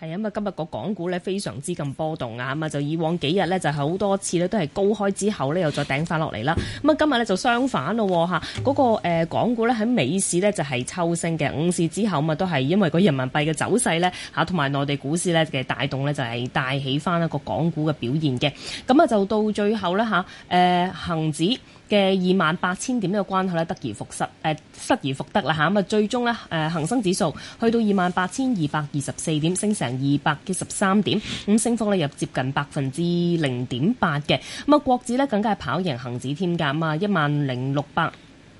係啊，咁啊今日個港股咧非常之咁波動啊，咁啊就以往幾日咧就好多次咧都係高開之後咧又再頂翻落嚟啦。咁啊今日咧就相反咯喎。嗰個誒港股咧喺美市咧就係抽升嘅，午市之後咁啊都係因為個人民幣嘅走勢咧吓同埋內地股市咧嘅帶動咧就係帶起翻一個港股嘅表現嘅。咁啊就到最後咧吓、呃、恒指。嘅二萬八千點呢個關口呢，得而復失，誒失而復得啦嚇，咁啊最終呢，誒恆生指數去到二萬八千二百二十四點，升成二百一十三點，咁升幅呢，又接近百分之零點八嘅，咁啊國指呢，更加係跑贏恒指添㗎，啊一萬零六百。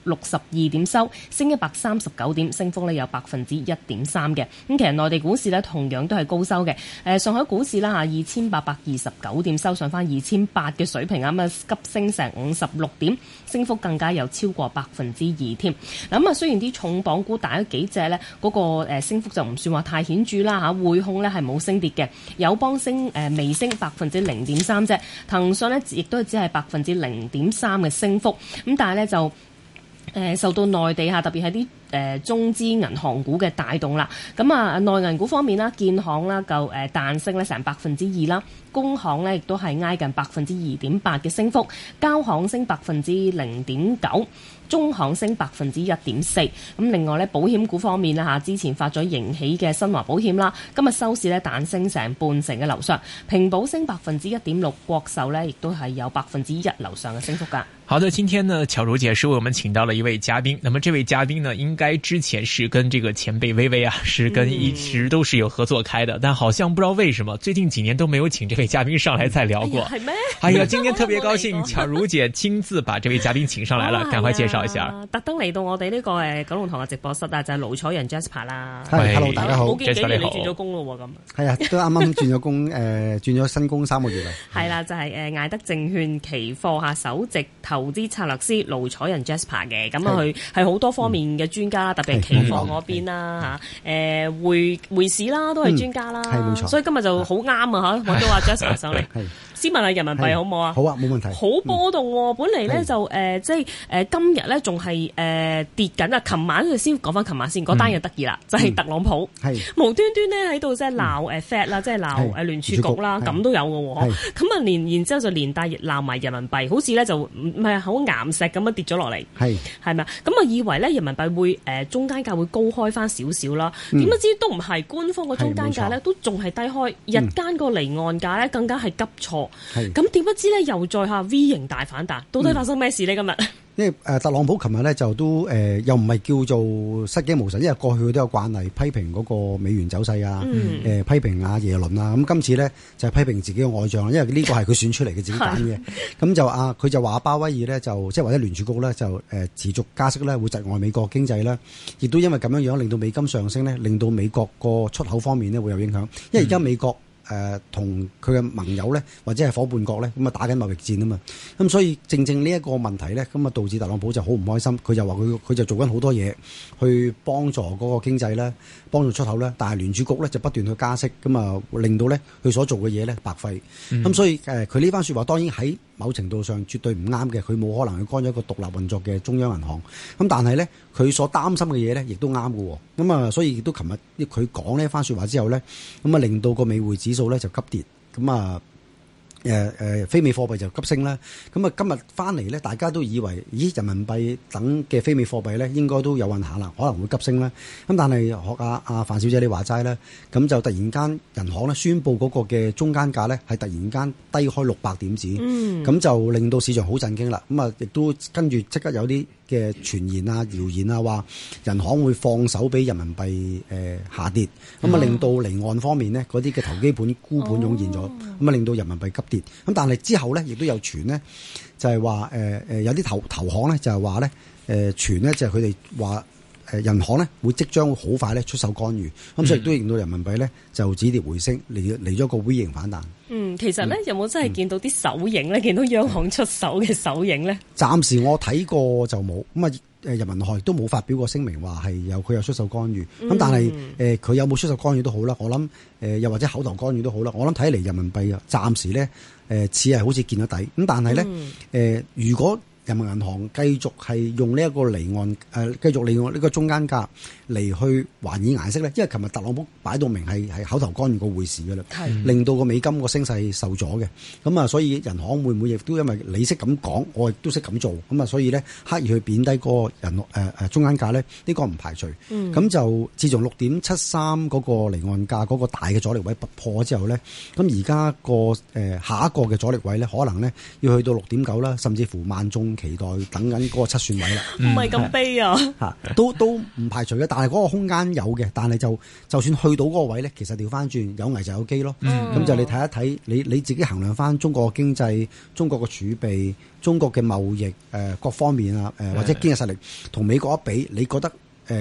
六十二點收，升一百三十九點，升幅呢有百分之一點三嘅。咁其實內地股市咧同樣都係高收嘅。誒，上海股市啦，二千八百二十九點收上返二千八嘅水平啊，啊急升成五十六點，升幅更加有超過百分之二添。咁啊，雖然啲重磅股大咗幾隻呢，嗰個升幅就唔算話太顯著啦嚇，匯控呢係冇升跌嘅，友邦升誒微升百分之零點三啫，騰訊呢亦都只係百分之零點三嘅升幅咁，但係呢就。誒受到內地下特別係啲誒中資銀行股嘅帶動啦，咁啊內銀股方面啦，建行啦就誒彈升咧成百分之二啦，工行咧亦都係挨近百分之二點八嘅升幅，交行升百分之零點九，中行升百分之一點四，咁另外呢，保險股方面呢，吓，之前發咗盈喜嘅新華保險啦，今日收市呢，彈升成半成嘅樓上，平保升百分之一點六，國壽呢亦都係有百分之一樓上嘅升幅噶。好的，今天呢巧如姐是為我們請到了一位嘉賓，那麼這位嘉賓呢應該之前是跟這個前輩薇薇啊，是跟一直都是有合作開的，嗯、但好像不知道為什麼最近幾年都沒有請這位嘉賓上來再聊過。係咩、哎？哎呀，今天特別高興，巧如姐親自把這位嘉賓請上來了，趕快介紹。哎特登嚟到我哋呢個誒九龍塘嘅直播室，就係盧楚仁 Jasper 啦。Hello 大家好 Jasper 你好。冇見你，你轉咗工咯咁。係啊，都啱啱轉咗工，誒，轉咗新工三個月啊。係啦，就係誒艾德證券期貨下首席投資策略師盧楚仁 Jasper 嘅。咁啊，佢係好多方面嘅專家，特別係期貨嗰邊啦吓。誒，匯匯市啦，都係專家啦。係，冇錯。所以今日就好啱啊！吓，揾到阿 Jasper 上嚟。先問下人民幣好唔好啊？好啊，冇問題。好波動喎，本嚟咧就誒，即係誒今日咧仲係誒跌緊啊！琴晚先講翻，琴晚先嗰單嘢得意啦，就係特朗普無端端咧喺度即係鬧誒 Fed 啦，即係鬧誒聯儲局啦，咁都有嘅喎。咁啊，連然之後就連帶鬧埋人民幣，好似咧就唔係好岩石咁樣跌咗落嚟。係咪咁啊，以為咧人民幣會誒中間價會高開翻少少啦？點不知都唔係，官方個中間價咧都仲係低開，日間個離岸價咧更加係急挫。係，咁點不知呢？又再下 V 型大反彈，到底發生咩事呢？今日，嗯，因為誒，特朗普琴日呢，就都誒，又唔係叫做失驚無神，因為過去都有慣例批評嗰個美元走勢啊，誒、嗯呃、批評阿耶倫啊，咁、嗯、今次呢，就是，批評自己嘅外賬，因為呢個係佢選出嚟嘅的自己揀嘅，咁是的、嗯、就啊，佢就話鮑威爾呢，即聯就即係或者聯儲局呢，就、呃、誒持續加息呢，會窒礙美國經濟呢，亦都因為咁樣樣令到美金上升呢，令到美國個出口方面呢會有影響，因為而家美國。嗯誒同佢嘅盟友咧，或者係伙伴國咧，咁啊打緊貿易戰啊嘛，咁所以正正呢一個問題咧，咁啊導致特朗普就好唔開心，佢就話佢佢就做緊好多嘢去幫助嗰個經濟咧，幫助出口咧，但係聯儲局咧就不斷去加息，咁啊令到咧佢所做嘅嘢咧白費，咁、嗯、所以誒佢呢番說話當然喺某程度上絕對唔啱嘅，佢冇可能去幹咗一個獨立運作嘅中央銀行。咁但係咧，佢所擔心嘅嘢咧，亦都啱嘅。咁、嗯、啊，所以亦都琴日，佢講呢一番説話之後咧，咁、嗯、啊，令到個美匯指數咧就急跌。咁、嗯、啊。嗯誒誒，非美貨幣就急升啦。咁啊，今日翻嚟咧，大家都以為，咦，人民幣等嘅非美貨幣咧，應該都有運行啦，可能會急升啦。咁但係學阿阿范小姐你話齋咧，咁就突然間人行咧宣佈嗰個嘅中間價咧，係突然間低開六百點子，咁、嗯、就令到市場好震驚啦。咁啊，亦都跟住即刻有啲嘅傳言啊、謠言啊，話人行會放手俾人民幣誒下跌，咁啊令到離岸方面呢嗰啲嘅投機盤沽盤湧現咗，咁啊令到人民幣急跌。咁但係之後呢，亦都有傳呢，就係話誒誒有啲投投行呢，就係話呢誒傳呢，就係佢哋話。誒銀行咧會即將好快咧出手干預，咁所以亦都令到人民幣咧就止跌回升，嚟嚟咗個 V 型反彈。嗯，其實咧有冇真係見到啲手影咧？見、嗯、到央行出手嘅手影咧、嗯？暫時我睇過就冇咁啊！誒，人民銀行亦都冇發表過聲明話係有佢有出手干預。咁但係誒佢有冇出手干預都好啦，我諗誒又或者口頭干預都好啦。我諗睇嚟人民幣啊，暫時咧誒、呃、似係好似見到底咁，但係咧誒如果。人民銀行繼續係用呢一個離岸誒、呃，繼續利用呢個中間價嚟去還以顏色咧。因為琴日特朗普擺到明係係口頭干預個匯市嘅啦，係的、嗯、令到個美金個升勢受阻嘅。咁啊，所以人行會唔會亦都因為你識咁講，我亦都識咁做咁啊，所以咧刻意去貶低嗰個人誒誒、呃、中間價咧，呢、呢個唔排除。咁、嗯、就自從六點七三嗰個離岸價嗰個大嘅阻力位突破之後咧，咁而家個誒下一個嘅阻力位咧，可能咧要去到六點九啦，甚至乎萬眾。期待等緊嗰個七算位啦，唔係咁悲啊！嚇，都都唔排除嘅，但係嗰個空間有嘅，但係就就算去到嗰個位咧，其實調翻轉有危就有機咯。咁、嗯、就你睇一睇你你自己衡量翻中國嘅經濟、中國嘅儲備、中國嘅貿易、呃、各方面啊、呃、或者經濟實力同美國一比，你覺得誒、呃、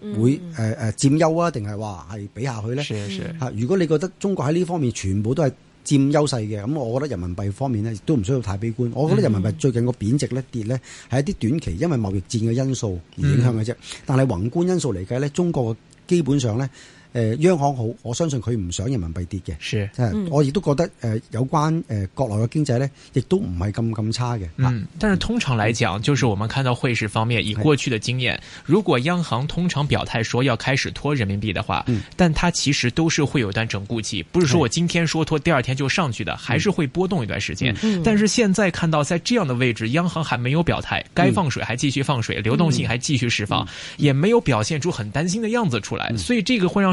會誒誒、呃、佔優啊，定係話係比下去咧？係啊係啊嚇！如果你覺得中國喺呢方面全部都係。佔優勢嘅，咁我覺得人民幣方面呢，亦都唔需要太悲觀。我覺得人民幣最近個貶值呢，跌呢，係一啲短期因為貿易戰嘅因素而影響嘅啫。但係宏觀因素嚟計呢，中國基本上呢。呃央行好，我相信佢唔想人民幣跌嘅，係、嗯啊，我亦都覺得呃有關呃國內嘅經濟呢，亦都唔係咁咁差嘅。啊、嗯，但是通常來講，嗯、就是我們看到匯市方面，以過去嘅經驗，是如果央行通常表態說要開始拖人民幣的話，嗯，但它其實都是會有一段整固期，不是說我今天說拖，第二天就上去的，還是會波動一段時間。嗯，但是現在看到在這樣的位置，央行還沒有表態，該放水還繼續放水，嗯、流動性還繼續釋放，嗯、也沒有表現出很擔心的樣子出來。所以這個會讓。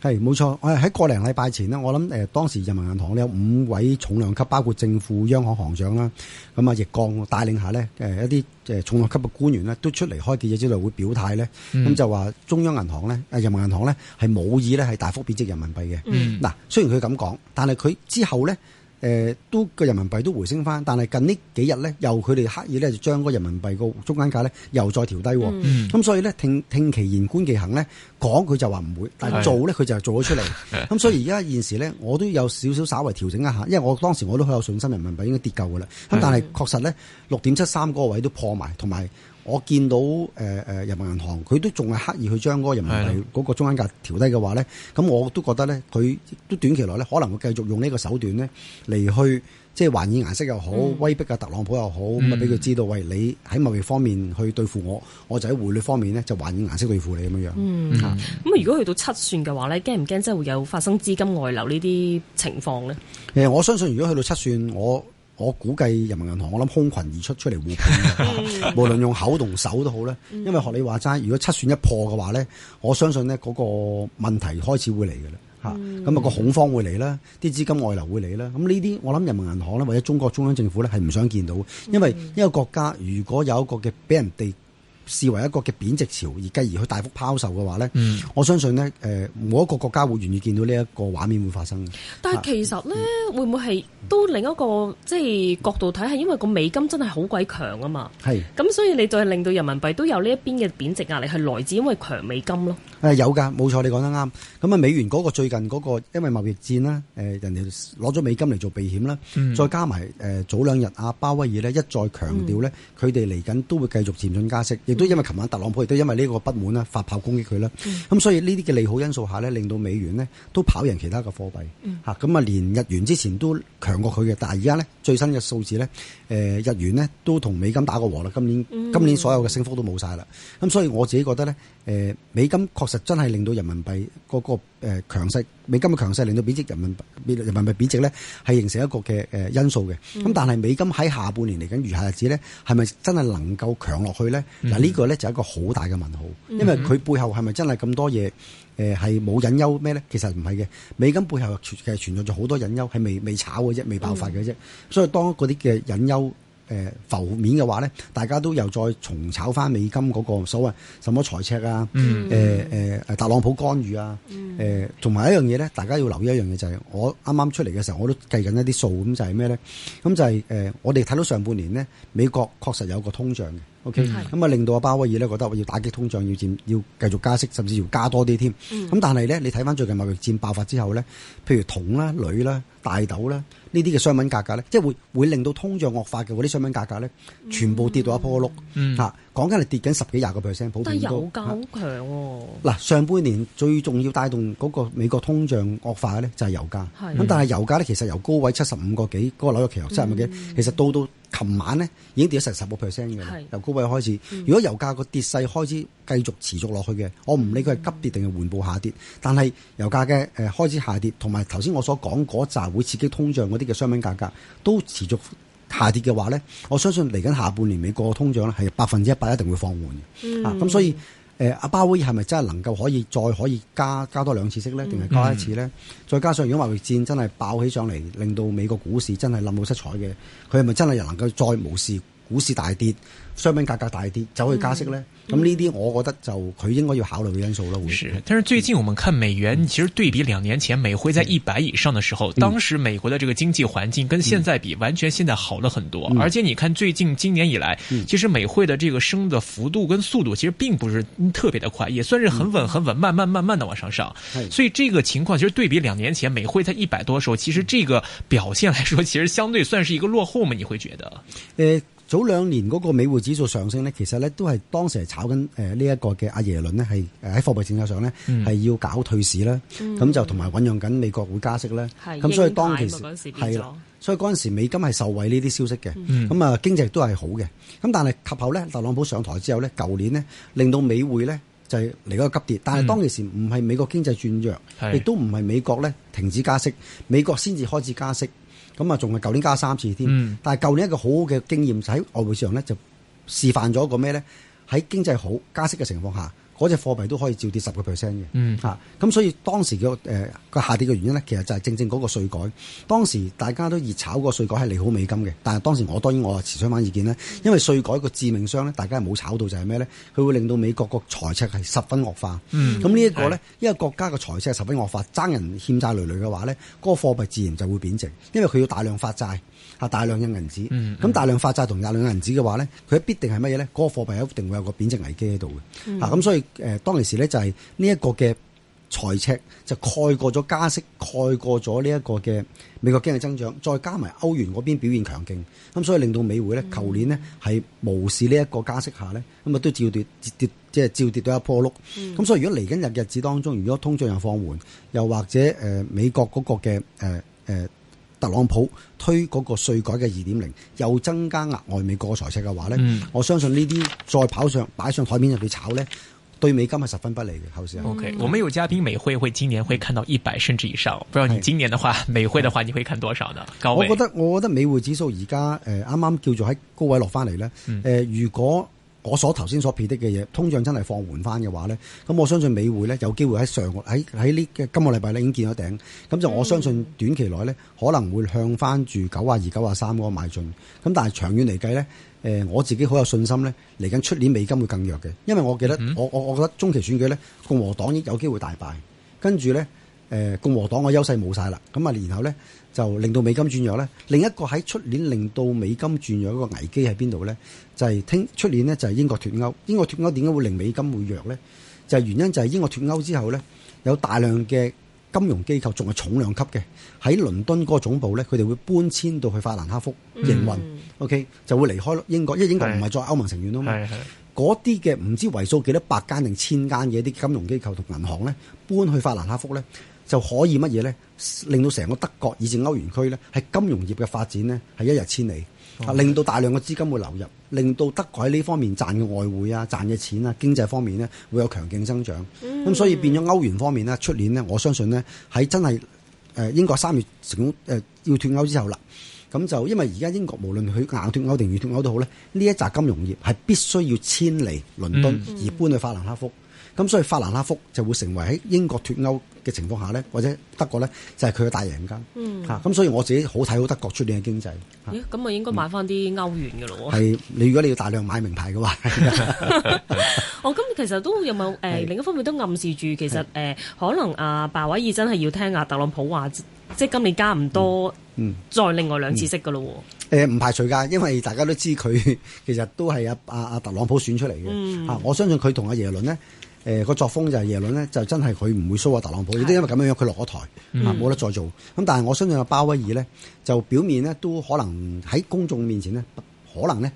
係冇錯，我喺個零禮拜前呢，我諗誒，當時人民銀行呢有五位重量級，包括政府央行行長啦，咁啊，易綱帶領下呢，誒，一啲即係重量級嘅官員呢，都出嚟開記者招待會表態呢。咁就話中央銀行呢，啊，人民銀行呢，係冇意呢係大幅貶值人民幣嘅。嗱、嗯，雖然佢咁講，但係佢之後呢。誒都個人民幣都回升返，但係近呢幾日呢，由佢哋刻意呢，就將嗰個人民幣個中間價呢，又再調低，咁、嗯、所以呢，聽聽其言觀其行呢，講佢就話唔會，但係做呢，佢就係做咗出嚟，咁是的 所以而家現時呢，我都有少少稍微調整一下，因為我當時我都好有信心人民幣應該跌夠㗎喇，咁是的 但係確實呢，六點七三嗰個位都破埋，同埋。我見到誒誒、呃、人民銀行，佢都仲係刻意去將嗰個人民幣嗰個中間價調低嘅話咧，咁的我都覺得咧，佢都短期內咧可能會繼續用呢個手段咧嚟去即係還以顏色又好，嗯、威逼啊特朗普又好，咁啊俾佢知道，喂，你喺貿易方面去對付我，我就喺匯率方面咧就還以顏色對付你咁樣，嗯，咁啊是，嗯、如果去到七算嘅話咧，驚唔驚即係會有發生資金外流呢啲情況咧、呃？我相信如果去到七算我。我估計人民銀行，我諗空群而出出嚟護盤嘅， 無論用口同手都好咧。 因為學你話齋，如果七算一破嘅話咧，我相信呢嗰個問題開始會嚟嘅啦。嚇，咁啊個恐慌會嚟啦，啲資金外流會嚟啦。咁呢啲我諗人民銀行咧，或者中國中央政府咧，係唔想見到嘅， 因為一個國家如果有一個嘅俾人哋。視為一個嘅貶值潮，而繼而去大幅拋售嘅話咧，嗯、我相信咧，誒，每一個國家會願意見到呢一個畫面會發生嘅。但係其實呢、嗯、會唔會係都另一個即係角度睇，係因為個美金真係好鬼強啊嘛，係，咁所以你就係令到人民幣都有呢一邊嘅貶值壓力，係來自因為強美金咯。有噶，冇錯，你講得啱。咁啊，美元嗰個最近嗰、那個，因為貿易戰啦，誒，人哋攞咗美金嚟做避險啦，嗯、再加埋誒早兩日阿鮑威爾呢，一再強調呢，佢哋嚟緊都會繼續漸進加息，亦都、嗯、因為琴晚特朗普亦都因為呢個不滿啦，發炮攻擊佢啦，咁、嗯、所以呢啲嘅利好因素下呢，令到美元呢都跑贏其他嘅貨幣吓，咁啊、嗯、連日元之前都強過佢嘅，但係而家呢，最新嘅數字呢，誒，日元呢都同美金打過和啦，今年今年所有嘅升幅都冇晒啦，咁所以我自己覺得呢，誒、呃、美金確實。真係令到人民幣嗰個誒強勢，美金嘅強勢令到貶值人民幣，人民幣貶值咧，係形成一個嘅誒因素嘅。咁、嗯、但係美金喺下半年嚟緊餘下日子咧，係咪真係能夠強落去咧？嗱，呢個咧就係一個好大嘅問號，因為佢背後係咪真係咁多嘢誒係冇隱憂咩咧？其實唔係嘅，美金背後其實存在咗好多隱憂，係未未炒嘅啫，未爆發嘅啫。嗯、所以當嗰啲嘅隱憂。誒、呃、浮面嘅話咧，大家都又再重炒翻美金嗰、那個所謂什麼財赤啊，誒誒誒特朗普干預啊，誒同埋一樣嘢咧，大家要留意一樣嘢就係、是、我啱啱出嚟嘅時候，我都計緊一啲數，咁就係咩咧？咁就係、是、誒、呃，我哋睇到上半年呢，美國確實有個通脹嘅。O K，咁啊令到阿鮑威爾呢，覺得要打擊通脹，要要繼續加息，甚至要加多啲添。咁但係呢，你睇翻最近貿易戰爆發之後呢，譬如銅啦、鋁啦、大豆啦呢啲嘅商品價格呢，即係會會令到通脹惡化嘅嗰啲商品價格呢，全部跌到一波碌嚇，講緊係跌緊十幾廿個 percent。但係油價好強喎。嗱，上半年最重要帶動嗰個美國通脹惡化嘅呢，就係油價。咁但係油價呢，其實由高位七十五個幾嗰個紐約期油七十五幾，其實到到。琴晚呢已經跌咗成十個 percent 嘅，由高位開始。如果油價個跌勢開始繼續持續落去嘅，我唔理佢係急跌定係緩步下跌，但係油價嘅誒開始下跌，同埋頭先我所講嗰扎會刺激通脹嗰啲嘅商品價格都持續下跌嘅話呢，我相信嚟緊下半年美國嘅通脹呢係百分之一百一定會放緩嘅。嗯、啊，咁所以。誒、呃、阿鮑威爾係咪真係能夠可以再可以加加多兩次息咧？定係加一次咧？嗯、再加上如果貿易戰真係爆起上嚟，令到美國股市真係冧到七彩嘅，佢係咪真係又能夠再無事？股市大跌，商品價格，格大跌，走去加息呢？咁呢啲我覺得就佢應該要考慮嘅因素咯。會是，但是最近我們看美元，其實對比兩年前美匯在一百以上的時候，嗯、當時美國的這個經濟環境跟現在比，完全現在好了很多。嗯、而且你看最近今年以來，嗯、其實美匯的這個升的幅度跟速度，其實並不是特別的快，也算是很穩很穩，嗯、慢慢慢慢的往上上。嗯、所以這個情況其實對比兩年前美匯在一百多的時候，其實這個表現來說，其實相對算是一個落後嘛？你會覺得？欸早兩年嗰個美匯指數上升呢，其實呢都係當時係炒緊呢一個嘅阿耶倫呢係喺貨幣政策上呢，係、嗯、要搞退市啦，咁、嗯、就同埋醖釀緊美國會加息啦。咁是所以當其時係啦，所以嗰陣時美金係受惠呢啲消息嘅，咁啊、嗯、經濟都係好嘅，咁但係及後呢，特朗普上台之後呢，舊年呢令到美匯呢就係嚟嗰個急跌，但係當其時唔係美國經濟轉弱，是的 亦都唔係美國呢停止加息，美國先至開始加息。咁啊，仲係舊年加三次添，但係舊年一個好好嘅經驗就喺外匯市場咧，就示範咗一個咩咧？喺經濟好加息嘅情況下。嗰隻貨幣都可以照跌十個 percent 嘅，嚇！咁、嗯啊、所以當時嘅誒個下跌嘅原因咧，其實就係正正嗰個稅改。當時大家都熱炒個稅改係利好美金嘅，但係當時我當然我係持相反意見咧，因為稅改個致命傷咧，大家係冇炒到就係咩咧？佢會令到美國個財赤係十分惡化。咁、嗯嗯、呢一個咧，是的 因為國家嘅財赤係十分惡化，爭人欠債累累嘅話咧，嗰、那個貨幣自然就會貶值，因為佢要大量發債。啊大量嘅銀紙，咁、嗯嗯、大量發債同大量嘅銀紙嘅話咧，佢必定係乜嘢咧？嗰、嗰個貨幣一定會有個貶值危機喺度嘅。嗯、啊，咁所以誒、呃，當其時咧就係呢一個嘅財赤就蓋過咗加息，蓋過咗呢一個嘅美國經濟增長，再加埋歐元嗰邊表現強勁，咁所以令到美匯咧，嗯、舊年呢，係無視呢一個加息下咧，咁啊都照跌跌，即係照跌到一仆碌。咁、嗯啊、所以如果嚟緊日日子當中，如果通脹又放緩，又或者誒、呃、美國嗰個嘅誒誒。呃呃特朗普推嗰個稅改嘅二點零，又增加額外美國財赤嘅話呢。嗯、我相信呢啲再跑上擺上台面入去炒呢，對美金係十分不利嘅。後市 OK，我們有嘉賓美匯會今年會看到一百甚至以上，不知道你今年的話，美匯的話，你會看多少呢？嗯、高位，我覺得我覺得美匯指數而家誒啱啱叫做喺高位落翻嚟呢。誒、呃、如果。我所頭先所撇的嘅嘢，通脹真係放緩翻嘅話咧，咁我相信美匯咧有機會喺上個喺喺呢嘅今個禮拜咧已經見咗頂，咁就我相信短期內咧可能會向翻住九啊二、九啊三嗰邁進，咁但係長遠嚟計咧，誒我自己好有信心咧，嚟緊出年美金會更弱嘅，因為我記得我我我覺得中期選舉咧共和黨亦有機會大敗，跟住咧。誒共和黨嘅優勢冇晒啦，咁啊，然後呢，就令到美金轉弱咧。另一個喺出年令到美金轉弱嗰個危機喺邊度呢？就係聽出年呢，就係、是、英國脱歐。英國脱歐點解會令美金會弱呢？就係、是、原因就係英國脱歐之後呢，有大量嘅金融機構仲係重量級嘅喺倫敦嗰個總部呢，佢哋會搬遷到去法蘭克福營運。嗯、OK，就會離開英國，因為英國唔係再歐盟成員啦嘛。嗰啲嘅唔知為數幾多百間定千間嘅啲金融機構同銀行呢，搬去法蘭克福呢。就可以乜嘢呢？令到成個德國以至歐元區呢，喺金融業嘅發展呢，係一日千里，令到大量嘅資金會流入，令到德國喺呢方面賺嘅外匯啊、賺嘅錢啊、經濟方面呢，會有強勁增長。咁所以變咗歐元方面呢，出年呢，我相信呢，喺真係誒英國三月成功誒要脱歐之後啦，咁就因為而家英國無論佢硬脱歐定軟脱歐都好呢，呢一紮金融業係必須要遷離倫敦而搬去法蘭克福，咁所以法蘭克福就會成為喺英國脱歐嘅情況下呢，或者德國呢，就係佢嘅大贏家，咁所以我自己好睇好德國出年嘅經濟。咦？咁我應該買翻啲歐元嘅咯喎。係，你如果你要大量買名牌嘅話，我咁、 哦、其實都有冇誒？是另一方面都暗示住其實誒是、呃，可能阿、啊、鮑威爾真係要聽阿、啊、特朗普話，即係今年加唔多嗯，嗯，再另外兩次息嘅咯喎。唔、嗯嗯呃、排除㗎，因為大家都知佢其實都係阿阿阿特朗普選出嚟嘅，嗯、啊，我相信佢同阿耶倫呢。誒個、呃、作風就係耶倫呢就真係佢唔會輸啊！特朗普亦都因為咁樣樣，佢落咗台啊，冇的得再做。咁但係我相信阿鮑威爾呢，就表面呢都可能喺公眾面前呢，可能呢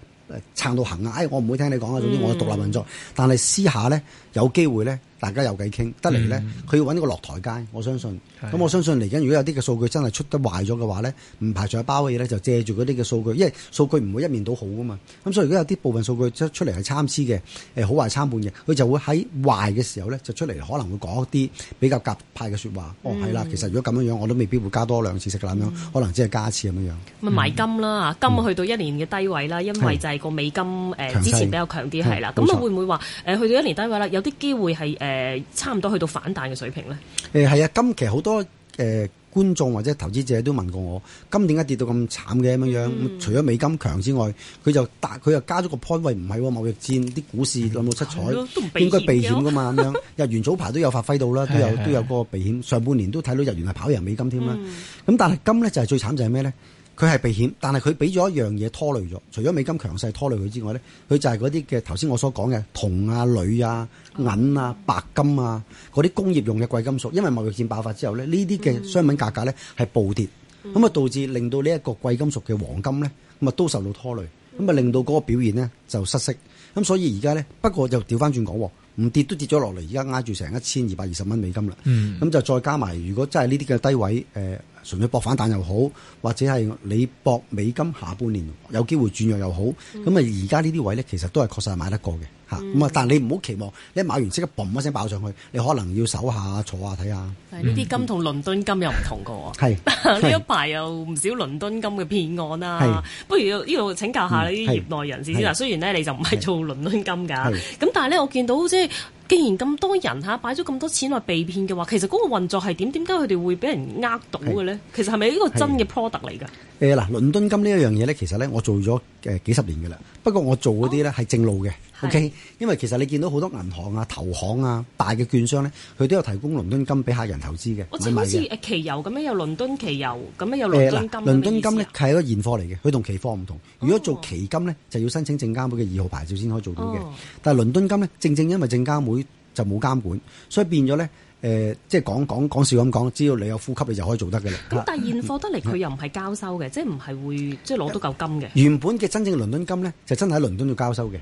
撐到行啊！哎，我唔會聽你講啊，總之我獨立運作。但係私下呢，有機會呢。大家有偈傾得嚟呢，佢要揾呢個落台階。我相信，咁是的 我相信嚟緊，如果有啲嘅數據真係出得壞咗嘅話呢，唔排除包嘢呢就借住嗰啲嘅數據，因為數據唔會一面倒好噶嘛。咁所以如果有啲部分數據出嚟係參差嘅，誒好壞參半嘅，佢就會喺壞嘅時候呢就出嚟可能會講一啲比較鴿派嘅説話。的嗯、哦，係啦，其實如果咁樣樣，我都未必會加多兩次息咁樣，嗯、可能只係加一次咁樣樣。咪、嗯、買金啦，金去到一年嘅低位啦，嗯、因為就係個美金誒之前比較強啲係啦。咁啊的會唔會話誒、呃、去到一年低位啦？有啲機會係誒。呃誒，差唔多去到反彈嘅水平咧。誒、嗯，係啊，今期好多誒、呃、觀眾或者投資者都問過我，今點解跌到咁慘嘅咁樣？嗯、除咗美金強之外，佢就佢又加咗個 t 位，唔係貿易戰啲股市有冇出彩？都應該避險噶嘛咁樣。日元早排都有發揮到啦， 都有都有個避險。上半年都睇到日元係跑贏美金添啦。咁、嗯、但係金咧就係最慘就係咩咧？佢係避險，但係佢俾咗一樣嘢拖累咗。除咗美金強勢拖累佢之外咧，佢就係嗰啲嘅頭先我所講嘅銅啊、鋁啊、銀啊、白金啊嗰啲工業用嘅貴金屬。因為貿易戰爆發之後咧，呢啲嘅商品價格咧係暴跌，咁啊、嗯、導致令到呢一個貴金屬嘅黃金咧咁啊都受到拖累，咁啊令到嗰個表現呢就失色。咁所以而家咧，不過就調翻轉講，唔跌都跌咗落嚟，而家挨住成一千二百二十蚊美金啦。咁就、嗯、再加埋，如果真係呢啲嘅低位誒。呃純粹搏反彈又好，或者係你搏美金下半年有機會轉弱又好，咁啊而家呢啲位呢，其實都係確實係買得過嘅嚇。咁啊，但係你唔好期望你一買完即刻嘣一聲爆上去，你可能要手下、坐下睇下。但係呢啲金同倫敦金又唔同㗎喎，係呢、嗯、一排有唔少倫敦金嘅騙案啦。不如呢度請教下呢啲業內人士先啦。雖然呢，你就唔係做倫敦金㗎，咁但係呢，我見到即係。既然咁多人吓、啊、擺咗咁多錢話被騙嘅話，其實嗰個運作係點？點解佢哋會俾人呃到嘅咧？是其實係咪呢個真嘅 product 嚟㗎？誒嗱、呃，倫敦金呢一樣嘢咧，其實咧我做咗誒幾十年嘅啦。不過我做嗰啲咧係正路嘅。哦 OK，因為其實你見到好多銀行啊、投行啊、大嘅券商呢，佢都有提供倫敦金俾客人投資嘅。我就好似誒期油咁樣，有倫敦期油，咁樣有倫敦金。誒、哎，倫敦金呢，係一個現貨嚟嘅，佢同期貨唔同。如果做期金呢，哦、就要申請證監會嘅二號牌照先可以做到嘅。哦、但係倫敦金呢，正正因為證監會就冇監管，所以變咗呢，誒、呃，即係講講講笑咁講，只要你有呼吸，你就可以做得嘅啦。咁但係現貨得嚟，佢又唔係交收嘅、嗯，即係唔係會即係攞到嚿金嘅。原本嘅真正倫敦金呢，就真係喺倫敦度交收嘅。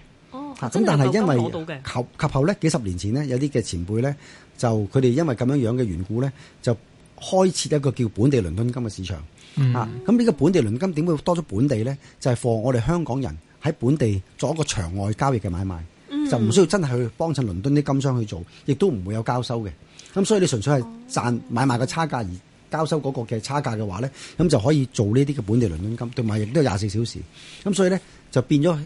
咁但係因為及及後呢幾十年前呢有啲嘅前輩呢，就佢哋因為咁樣樣嘅緣故呢，就開設一個叫本地倫敦金嘅市場嚇，咁呢個本地倫金點會多咗本地呢？就係、是、放我哋香港人喺本地做一個場外交易嘅買賣，就唔需要真係去幫襯倫敦啲金商去做，亦都唔會有交收嘅，咁所以你純粹係賺買賣嘅差價而。交收嗰個嘅差價嘅話咧，咁就可以做呢啲嘅本地倫敦金，同埋亦都有廿四小時。咁所以咧就變咗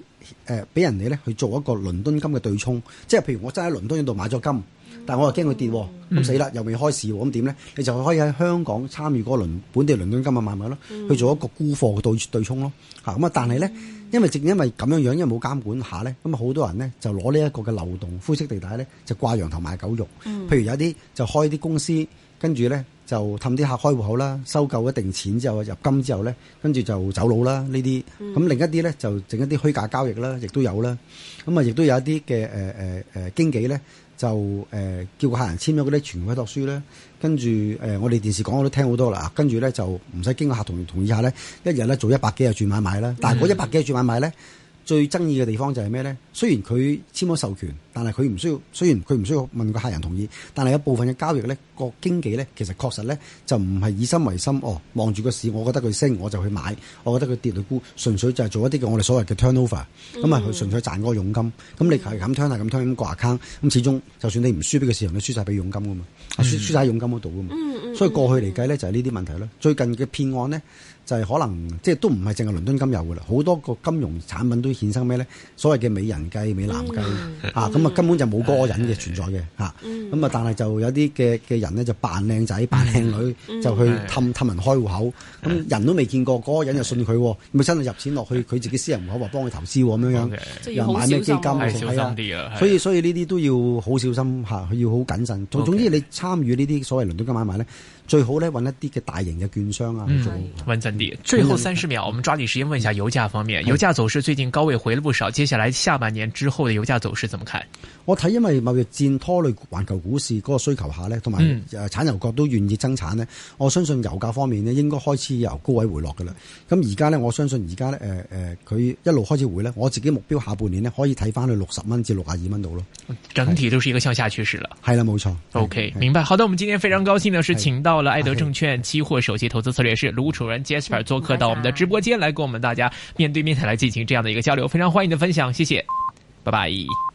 誒俾人哋咧去做一個倫敦金嘅對沖，即係譬如我真喺倫敦嗰度買咗金，嗯、但係我又驚佢跌，咁、嗯、死啦，又未開市，咁點咧？你就可以喺香港參與個倫本地倫敦金嘅買賣咯，去做一個沽貨嘅對對沖咯。嚇咁啊！但係咧，因為正因為咁樣樣，因為冇監管下咧，咁啊好多人咧就攞呢一個嘅漏洞灰色地帶咧，就掛羊頭賣狗肉。譬如有啲就開啲公司，跟住咧。就氹啲客開戶口啦，收夠一定錢之後入金之後咧，跟住就走佬啦呢啲。咁、嗯、另一啲咧就整一啲虛假交易啦，亦都有啦。咁啊，亦都有一啲嘅誒誒經紀咧，就、呃、叫個客人簽咗嗰啲全委託書咧，跟住誒我哋電視講我都聽好多啦。跟住咧就唔使經過客同同意下咧，一日咧做一百幾啊轉買賣啦。嗯、但係嗰一百幾轉買賣咧，最爭議嘅地方就係咩咧？雖然佢簽咗授權。但係佢唔需要，雖然佢唔需要問個客人同意，但係有部分嘅交易呢個經紀呢，其實確實呢，就唔係以心為心哦。望住個市，我覺得佢升，我就去買；我覺得佢跌，佢沽，純粹就係做一啲我哋所謂嘅 turnover，咁啊、嗯，佢純粹賺嗰個佣金。咁、嗯、你係咁 turn 係咁、嗯、turn 咁掛 account 咁，始終就算你唔輸俾個市場，你輸晒俾佣金㗎嘛，輸晒曬佣金嗰度㗎嘛。所以過去嚟計呢，就係呢啲問題咯。嗯嗯、最近嘅騙案呢，就係、是、可能即係都唔係淨係倫敦金有㗎啦，好多個金融產品都衍生咩呢？所謂嘅美人計、美男計咁啊，根本就冇嗰人嘅存在嘅嚇。咁啊，但係就有啲嘅嘅人呢，就扮靚仔、扮靚女，就去氹氹人開戶口。咁人都未見過，嗰人就信佢，咪真係入錢落去，佢自己私人戶口話幫佢投資咁樣樣，又買咩基金？所以所以呢啲都要好小心嚇，佢要好謹慎。總之，你參與呢啲所謂倫敦金買賣咧。最好呢揾一啲嘅大型嘅券商啊、嗯，穩陣啲最後三十秒，我們抓緊時間問一下油價方面。嗯、油價走勢最近高位回了不少，接下來下半年之後嘅油價走勢怎麼看？我睇因為貿易戰拖累環球股市嗰個需求下呢，同埋誒產油國都願意增產呢、嗯、我相信油價方面呢應該開始由高位回落噶啦。咁而家呢，我相信而家呢，誒、呃、誒，佢、呃、一路開始回呢。我自己目標下半年呢可以睇翻去六十蚊至六廿二蚊度咯。整體都是一個向下趨勢啦，係啦，冇錯。OK，是明白。是好的，我們今天非常高興呢是請到。到了愛德證券期貨首席投資策略師盧楚仁 Jasper 做客到我們的直播間來，跟我們大家面對面來進行這樣的一個交流，非常歡迎你的分享，謝謝，拜拜。